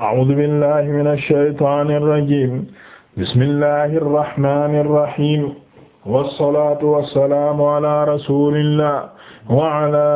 أعوذ بالله من الشيطان الرجيم بسم الله الرحمن الرحيم والصلاة والسلام على رسول الله وعلى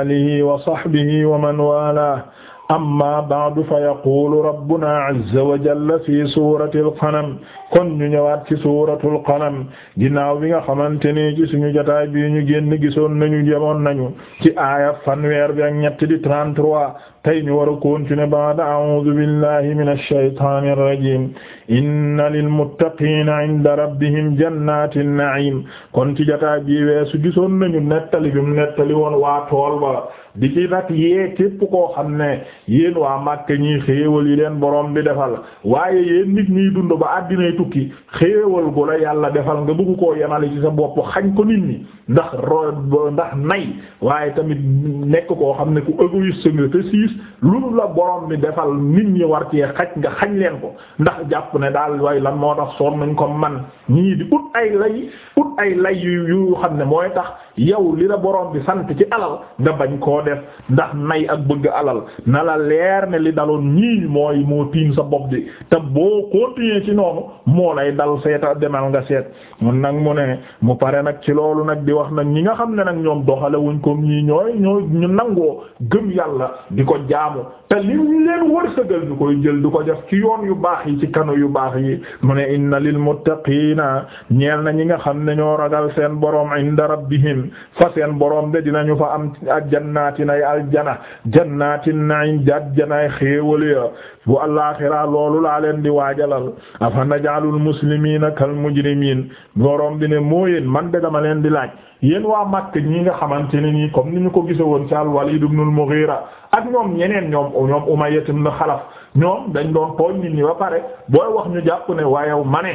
آله وصحبه ومن والاه أما بعد فيقول ربنا عز وجل في سورة القلم kon ñu ñëwaat ci suuratul qalam ginnaaw bi nga xamante ne ci suñu jotaay bi ñu génn gisoon nañu jamoon nañu ci aaya fanweer bi ak ñett di 33 tey ñu war a continuer baada a'uudu billahi minash shaytaanir rajiim inna lil muttaqiina 'inda rabbihim jannatin na'im kon ci jotaay bi weesu gisoon nañu nettali bi mu nettali woon waa tool ba di ci nag yee képp koo xam ne yéen waa Makka ñi xéewal yi leen borom bi defal waaye yéen nit ñi dund ba àddina ngay tukki xéewal gu la yàlla defal nga bëgg koo yemale yi sa bopp xañ ko nit ñi ndax ro ndax nay waaye tamit nekk koo xam ne ku égoïste nga te siis lu la borom bi defal nit ñi war cee xaj nga xañ leen ko ndax jàpp ne daal waaye lan moo tax soon nañ ko man ñii di ut ay lay ut ay lay yu xam ne mooy tax yow li la borom bi sant ci alal nga bañ koo def ndax nay ak bëgg alal na la leer ne li daloon ñii mooy moo tiim sa bopp bi te boo ko continuer ci noonu moo lay dal seeta demal nga seet mun nag mu ne mu pare nag ci loolu nag di wax nag ñi nga xam ne nag ñoom doxale wuñ ko ñii ñooy ñooy ñu nangoo gëm yàlla di ko jaamu te li leen wërsëgal ñu koy jël di ko def ci yoon yu baax yi ci kanu yu baax yi mu ne inna lil muttaqiina ñeel na ñi nga xam ne ñoo ragal seen borom inda rabbihim ñun fa seen borom de dinañu fa am ak jannaatin ay aljana jannaatin na'im jannay xéewal ya bu alaaxira loolu laa leen di waajalal afa najaalul muslimiina kal mujrimiin borom bi ne moo yéen man de dama leen di laaj yéen waa Makka ñi nga xamante ne nii comme ni ñu ko gise woon ci al-Waliid ibnul Mughiira ak ñoom ñeneen ñoom ñoom Umayya ibn Xalaf ñoom dañ doon tooñ nit ñi ba pare booy wax ñu jàpp ne waaye yow ma ne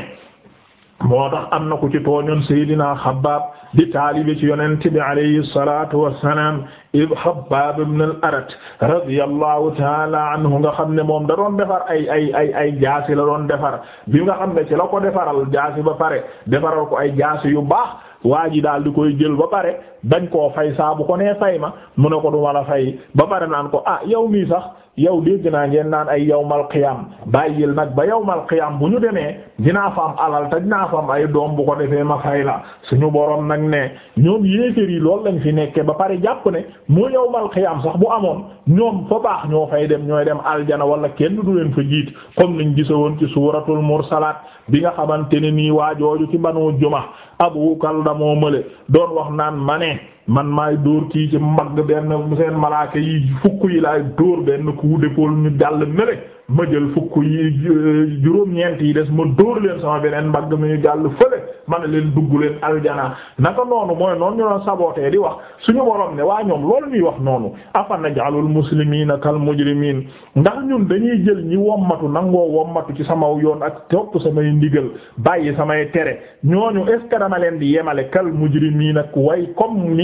moo tax am na ku ci tooñoon Seydina Xabbaab di taalibe ci yonent bi alayhi salaatu wassalaam ib Habbaab ibn al-Arat radiyallahu taala anhu nga xam ne moom da doon defar ay ay ay ay jaasi la doon defar bi nga xam ne ci la ko defaral jaasi ba pare defaral ko ay jaasi yu baax waa ji daal di koy jël ba pare dañ koo fay saa bu ko nee fay ma mu ne ko du wala fay ba pare naan ko ah yow mii sax yow dégg dinaa ngeen naan ay yawmal qiyam bàyyil nag ba yawmal qiyam bu ñu demee dinaa fa am alal te dinaa fa am ay doom bu ko defee ma fay la suñu borom nag ne ñoom yéeféer yi loolu lañ fi nekkee ba pare jàpp ne mu yawmal qiyaam sax bu amoon ñoom fa baax ñoo fay dem ñooy dem aljana wala kenn du leen fa jiit comme niñ gisawoon ci suuratul mursalaat bi nga xamante ne nii waajooju ci banu juma abu kalda moo mële doon wax naan ma ne man maay dóor kii ci mbagg benn seen malaaka yi fukk yi laay dóor benn coup d'épaule ñu dàll mele ma jël fukk yi euh, juróom-ñeent yi des ma dóor leen sama beneen mbagg mi ñu dàll fële ma leen dugg leen aljana naka noonu mooy noonu ñu doon sabootee di wax su ñu borom ne waa ñoom loolu ñuy wax noonu afa naj'alul muslimiina kal mujrimiin ndax ñun dañuy jël ñi wommatu nangoo wommatu ci sama yoon ak topp samay ndigal bàyyi samay tere ñooñu est-ce que dama leen di yemale kal mujrimiin ak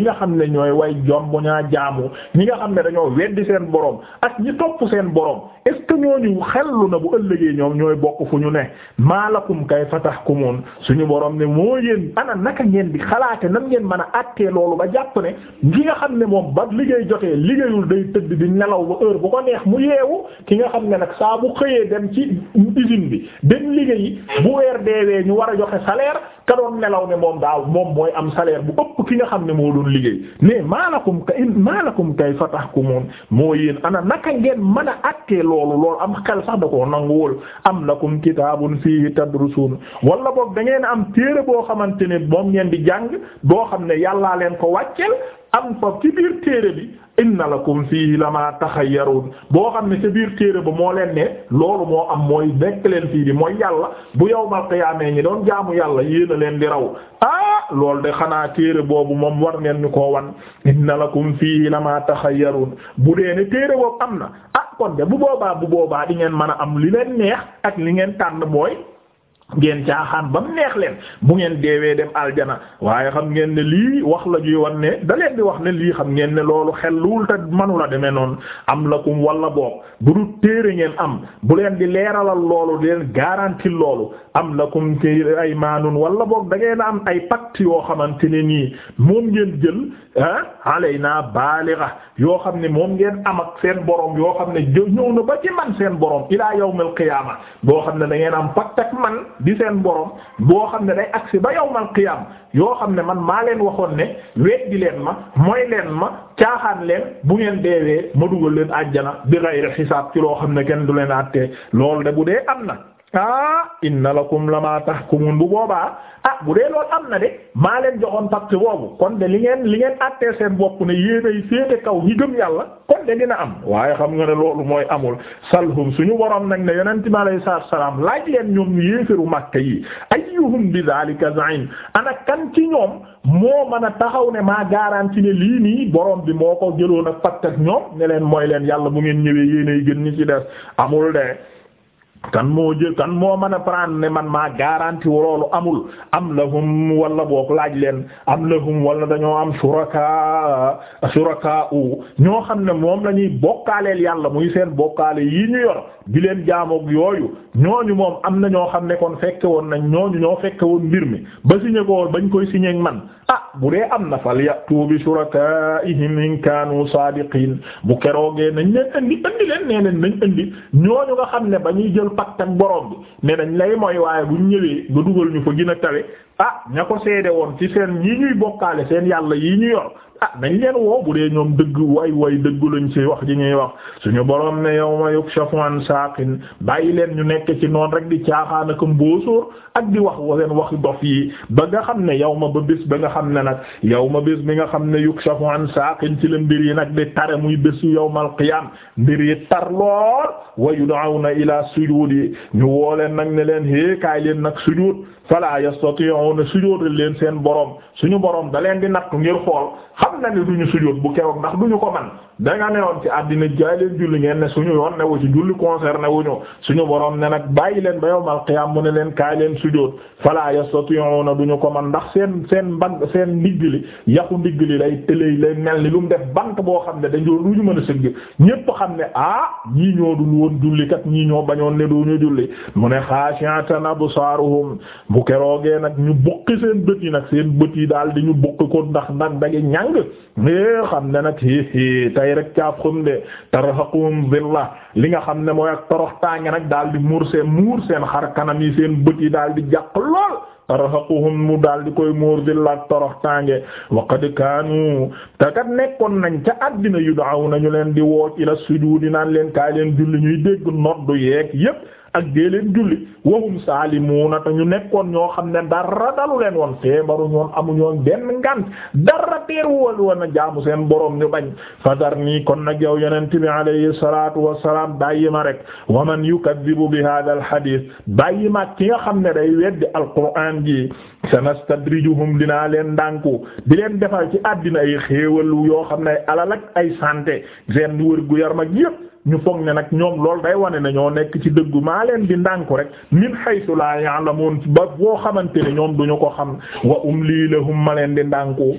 nga xam ne ñooy way jom bu ñaa jaamu ñi nga xam ne dañoo weddi seen borom ak ñi topp seen borom est ce que ñooñu xellu na bu ëllëgee ñoom ñooy bokk fu ñu ne maalakum kayfa tahkumun suñu borom ne moo yéen ana naka ngeen di xalaate nan ngeen mën a àttee loolu ba jàpp ne ki nga xam ne moom ba liggéey jotee liggéeyul day tëdd di nelaw ba heure bu ko neex mu yeewu ki nga xam ne nag saa bu xëyee dem ci usine bi dem liggéeyi bu weer deewee ñu war a joxe salaire ka doon nelaw ne moom daaw moom mooy am salaire bu ëpp ki nga xam ne moo doon liggéey mais maalakum ka maalakum ko tahkumun moo yéen ana naka ngeen mën a àttee loolu loolu am xel sax da koo nanguwul am lakum kitaabun fiihi tadrusuun wala boog da ngeen am téere boo xamante ne moom ngeen di jàng boo xam ne yàllaa leen ko wàcceel am fa ci biir téere bi inna lakum tax a taxayyarun boo xam ne ca biir téere ba moo leen ne loolu moo am mooy nekk leen fii bi mooy yàlla bu yawmal qiyaamee ñi doon jaamu yàlla yéen a leen di raw ah loolu de xanaa téere boobu moom war ngeen ñu ko wan inna maa tax a taxayyarun bu dee ne téere boobu am na ah kon de bu boobaa bu boobaa di ngeen mën a am li leen neex ak li ngeen tànn mooy ngeen caaxaan ba mu neex leen bu ngeen deewee dem aljana waaye xam ngeen ne lii wax la juy wan ne da leen di wax ne lii xam ngeen ne loolu xel luul te manu la demee noonu am la lakum walla boog bu du téere ngeen am bu leen di leeralal loolu di leen garanti loolu am lakum ci ay maanun walla boog da ngeen am ay pacte yoo xamante ne nii moom ngeen jël ah alayna baligha yoo xam ne moom ngeen am ak seen borom yoo xam ne ñëw na ba ci man seen borom ilaa yawmil qiyaama boo xam ne da am pacte di seen borom boo xam ne day agsi ba yawmal qiyaam yoo xam ne man maa leen waxoon ne weddi leen ma mooy leen ma caaxaan leen bu ngeen deewee ma dugal leen àjjana bi ghayri xisaab ci loo xam ne kenn du leen àttee loolu de bu dee am na ah inna lakum lama tahkumun bu boobaa ah bu dee loolu am na de maa leen joxoon pacte boobu kon de li ngeen li ngeen àttee seen bopp ne yéenay féete kaw ñi gëm yàlla kon de dina am waaye xam nga ne loolu mooy amul salhum suñu borom nag ne yonente bi alayhi salaatu salaam laaj leen ñoom yéefiru Makka yi ayyuhum bi dhalika za'im ana kan ci ñoom moo mën a taxaw ne maa garanti ne lii nii borom bi moo ko jëloon nag pacte ak ñoom ne leen mooy leen yàlla bu ngeen ñëwee yéenay ñi ci des amul de kan moo jël kan moo mën a prendre ne man maa garanti loolu amul am lahum wala boog laaj leen am lahum wala dañoo am suraka suraka u ñoo xam ne moom lañuy bokkaaleel yàlla muy seen bokkaale yi ñu yor di leen jaamoog yooyu ñooñu moom am na ñoo xam ne kon fekke woon nañ ñooñu ñoo fekke woon mbir mi ba signé ko woon bañ koy signé man ah bu dee am na fal yatu bi shurakaihim in kaanu saadiqin bu keroogee nañ leen indi indi leen nee leen nañ indi ñooñu nga xam ne ba ñuy jël pacte borom bi ne nañ lay mooy waaye buñ ñëwee nga dugal ñu fa gën a tawe ah ña ko seede woon ci seen yi ñuy bokkaale seen yàlla yi ñu yor ah nañ leen woo bu dee ñoom dëgg way way dëgg lañ ci wax ji ñuy wax suñu borom ne yawma yukshafu an saqin bàyyi leen ñu nekk ci noon rek di caaxaan ak mbóosóor ak di wax seen wax dof yi ba nga xam ne yawma ba bés ba nga xam ne nag yawma bés bi nga xam ne yukshafu an saqin ci la mbir yi nag di tare muy bésu yawmal qiyam mbir yi tar lool wa yud'awna ila sujudi ñu woo leen nag ne leen hee kaay leen nag sujud fala yastati'u ñëw ne sujjóotal leen seen borom suñu borom da leen di nattu ngir xool xam na ne duñu sujjóot bu keroog ndax duñu ko man danga newoon ci àddina jaay leen julli ngeen ne suñu yoon newu ci julli concerné wuñu suñu borom ne nag bàyyi leen ba yawmal qiyaam mu ne leen kaay leen sujjóot fala yastati'una duñu ko man ndax seen seen mbagg seen ndigg li yaxu ndigg li lay tëlëy lay mel ni lu mu def bant boo xam ne dañoo duñu mën a sëgg ñépp xam ne ah ñii ñoo dul woon julli kat ñii ñoo bañoon ne ñu julli mu ne xaashi'atan absaaruhum bu keroogee nag ñu bukki seen bët yi nag seen bët yi daal di ñu bukki ko ndax ndax dagi ñàng eh, xam ne rek caaf xam de tarhaquhum zilla li nga xam ne mooy ak toroxtaange nag daal di muur seen muur seen xar kanam yi seen bët yi daal di jàq lool tarhaquhum mu daal di koy muur zilla ak toroxtaange wa qad kaanu te kat nekkoon nañ ca addina yu yud'awna ñu leen di woo ila sujudi naan leen kaay leen julli ñuy dégg noddu yeek yépp ak dee leen julli wahum saalimuuna te ñu nekkoon ñoo xam ne dara dalu leen woon feebaru ñoon amu ñoon benn ngant dara teeru woon woon a jaamu seen borom ñu bañ fadarni kon nag yow yonent bi alayhi salaatu wassalaam bàyyi ma rek wa man yukaddibu bi hada al hadith bàyyi ma ki nga xam ne day weddi alquran ji sanastadrijuhum dinaa leen ndànku di leen defal ci àddina ay xéewal yoo xam ne ay ay santé seen wër gu yaram ak yépp ñu foog ne nag ñoom loolu day wane ne ñoo nekk ci dëggu maa leen di ndànku rek min haythu la ya'lamun ba boo xamante ne ñoom duñu ko xam wa umli lahum ma leen di ndànku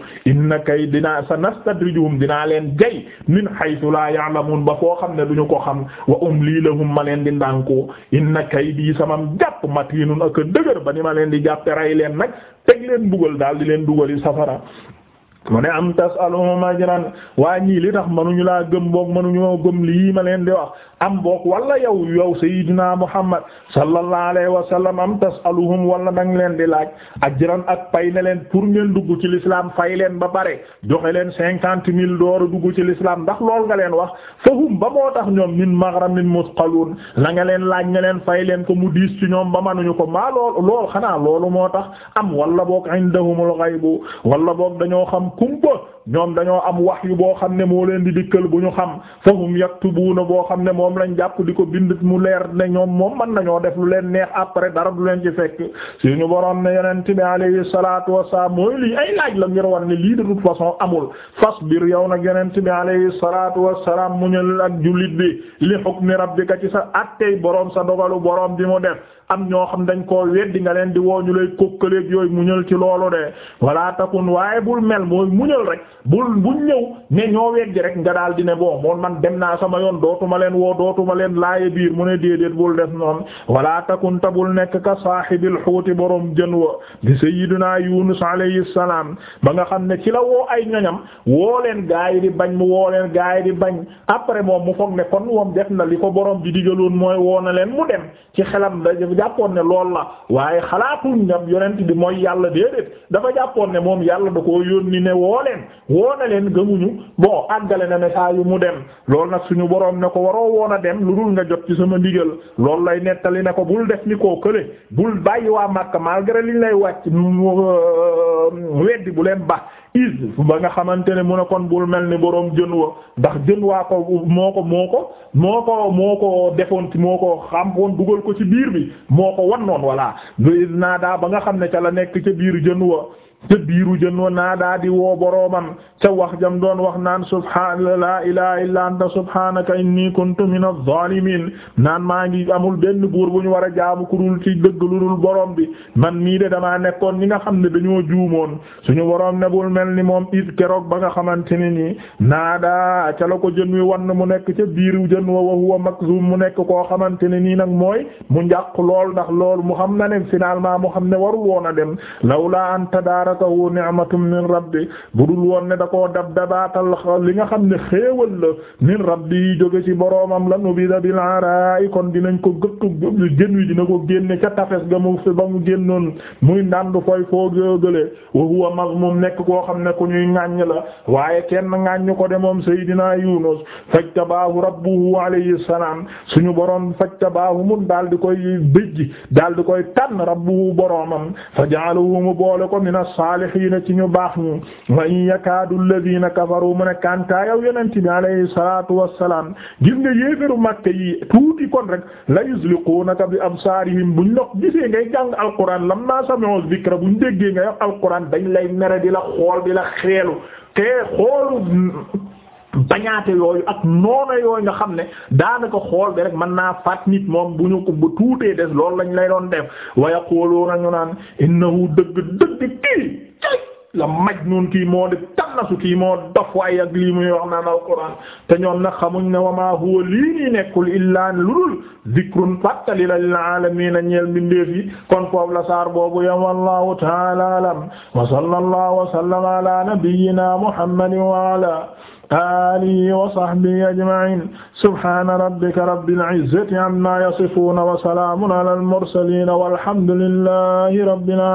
na kay dinaa sanastadrijuhum dinaa leen jay min haythu la ya'lamun ba foo xam ne duñu ko xam wa umli lahum ma leen di ndànku inna kay bii samam jàpp matinun ak dëgër ba ni ma leen di jàppe ray leen nag teg leen dugal daal di leen dugal dugali safara mu ne am tasaluhum ajran waa ñii li tax mënuñu laa gëm boog mënuñu moo gëm lii ma leen di wax am boog walla yow yow sayyidina muhammad sallallahu alayhi wa sallam am tasaluhum wala nang leen di laaj ajran ak pay na leen pour ngeen dugg ci lislaam fay leen ba bare joxe leen cinquante mille door dugg ci l'islam ndax lool nga leen wax fahum ba moo tax ñoom min maghramin musqalun la nga leen laaj nga leen fay leen ko mu diis ci ñoom ba mënuñu ko maa lool lool moo tax am wala boog indahumul ghaybu wala boog kumpa ñoom dañoo am wahyu boo xam ne moo leen di dikkal bu ñu xam fahum yaktubuuna boo xam ne moom lañ jàpp di ko bind mu leer ne ñoom moom mën nañoo def lu leen neex après dara du leen ci fekk suñu borom ne yonent bi alayhi salaatu wassalaam mooy lii ay laaj la ngir war ne lii de toute façon amul fasbir yow nag yonent bi alayhi salaatu wassalaam mu ñu ak jullit bi li hukmi rabbika ci sa attey borom sa dogalu boroom bi mu def am ñoo xam dañ koo weddi nga leen di woo ñu lay kokkaleeg yooyu mu ñël ci loolu de wala takun waaye bul mel muñal rek bul buñ ñëw ne ñoo wegg rek nga daal di ne bon moom man dem naa sama yoon dootuma leen woo dootuma leen laaye biir mu ne déedéet bul def noonu wala takun tabul nekk ka saahibil xuuti borom jën wa di sayyidina Yunus alayhi salaam ba nga xam ne ci la woo ay ñoñam woo leen gaa yi di bañ mu woo leen gaa yi di bañ après moom mu foog ne kon moom def na li ko borom bi digaloon mooy woo na leen mu dem ci xelam da jàppoon ne lool la waaye xalaatuñ ñam yonent woo leen woo na leen gëmuñu boo àggale na ne saa yu mu dem lool nag suñu boroom ne ko waroo woon a dem lu dul nga jot ci sama ndigal loolu lay nettali ne ko bul def ni koo kële bul bàyyi waa Makka malgré liñ lay wàcc weddi bu leen ba is ba nga xamante ne mu ne kon bul mel ni boroom jën wa ndax jën waa ko moo ko moo ko moo ko moo ko defoon ci moo ko xampoon dugal ko ci biir bi moo ko wan noon voilà ba naa daa ba nga xam ne ca la nekk ca biir jën wa te biiru jën wa naa daa di woo boroomam ca wax jam doon wax naan subhaana laa ilaha illa anta subhaanaka inni kuntu mina zaalimiin naan maa ngi amul benn buur bu ñu war a jaamu ku dul ci dëgg lu dul borom bi man mii de damaa nekkoon ñi nga xam ne dañoo juumoon suñu borom ne bul mel ni moom it keroog ba nga xamante ne nii naa daa ca ko jën wi wan mu nekk ca biiru jën wa wa huwa makzum mu nekk koo xamante ne nii nag mooy mu njàq lool ndax lool mu xam na ne finalement mu xam ne waru woon a tadarakahu ni'matun min rabbi budul woon ne da koo dab dabaatal li nga xam ne xéewal la min rabbi yi jóge ci boroomam la nubida bil ara'i kon dinañ ko gëttu jën wi dina ko génne ca tafes ga mu fi ba mu génnoon muy ndànd koy foo gële wa huwa mazmum nekk koo xam ne ku ñuy ŋàññ la waaye kenn ŋàññ ko de moom Seydina Yunus fajtabaahu rabbuhu alayhi salaam suñu boroom fajtabaahu mun daal di koy bëjj dal di koy tànn rabbuhu boroomam faja'alahu mu boole ko minas as-saalihiina ci ñu baax ñi wa in yakaadu alladhiina kafaru mu ne kanta yow yonent bi alayhi salaatu wassalaam gis nga yéefaru Makka yi tuuti kon rek la yuzliquunaka bi absaarihim buñ ndox gisee ngay jàng alquran lammaa sami'u dhikra buñ déggee ngay wax alquran dañ lay mere di la xool di la xeelu te xoolu bañaate yooyu ak noona yooyu nga xam ne daanaka xool bi rek mën naa faat nit moom bu ñu ko ba tuutee des loolu lañ lay doon def wa yaquluna ñu naan innahu dëgg dëgg kii la majnun kii moo di tannasu kii moo dof waaye ak lii muy wax naan alquran te ñoom nag xamuñ ne wa maa huwa lii nii nekkul illaa lu dul zikrun fàttali la lil aalamiina ñeel mbindeef yi kon foofu la saar boobu yam wallahu ta'ala alam wa sallallahu wa sallama ala nabiyyina muhammadin wa ala alihi wa sahbihi ajma'in subhana rabbika rabbil izzati amma yasifun wa salamun ala al mursalin walhamdulillahi rabbil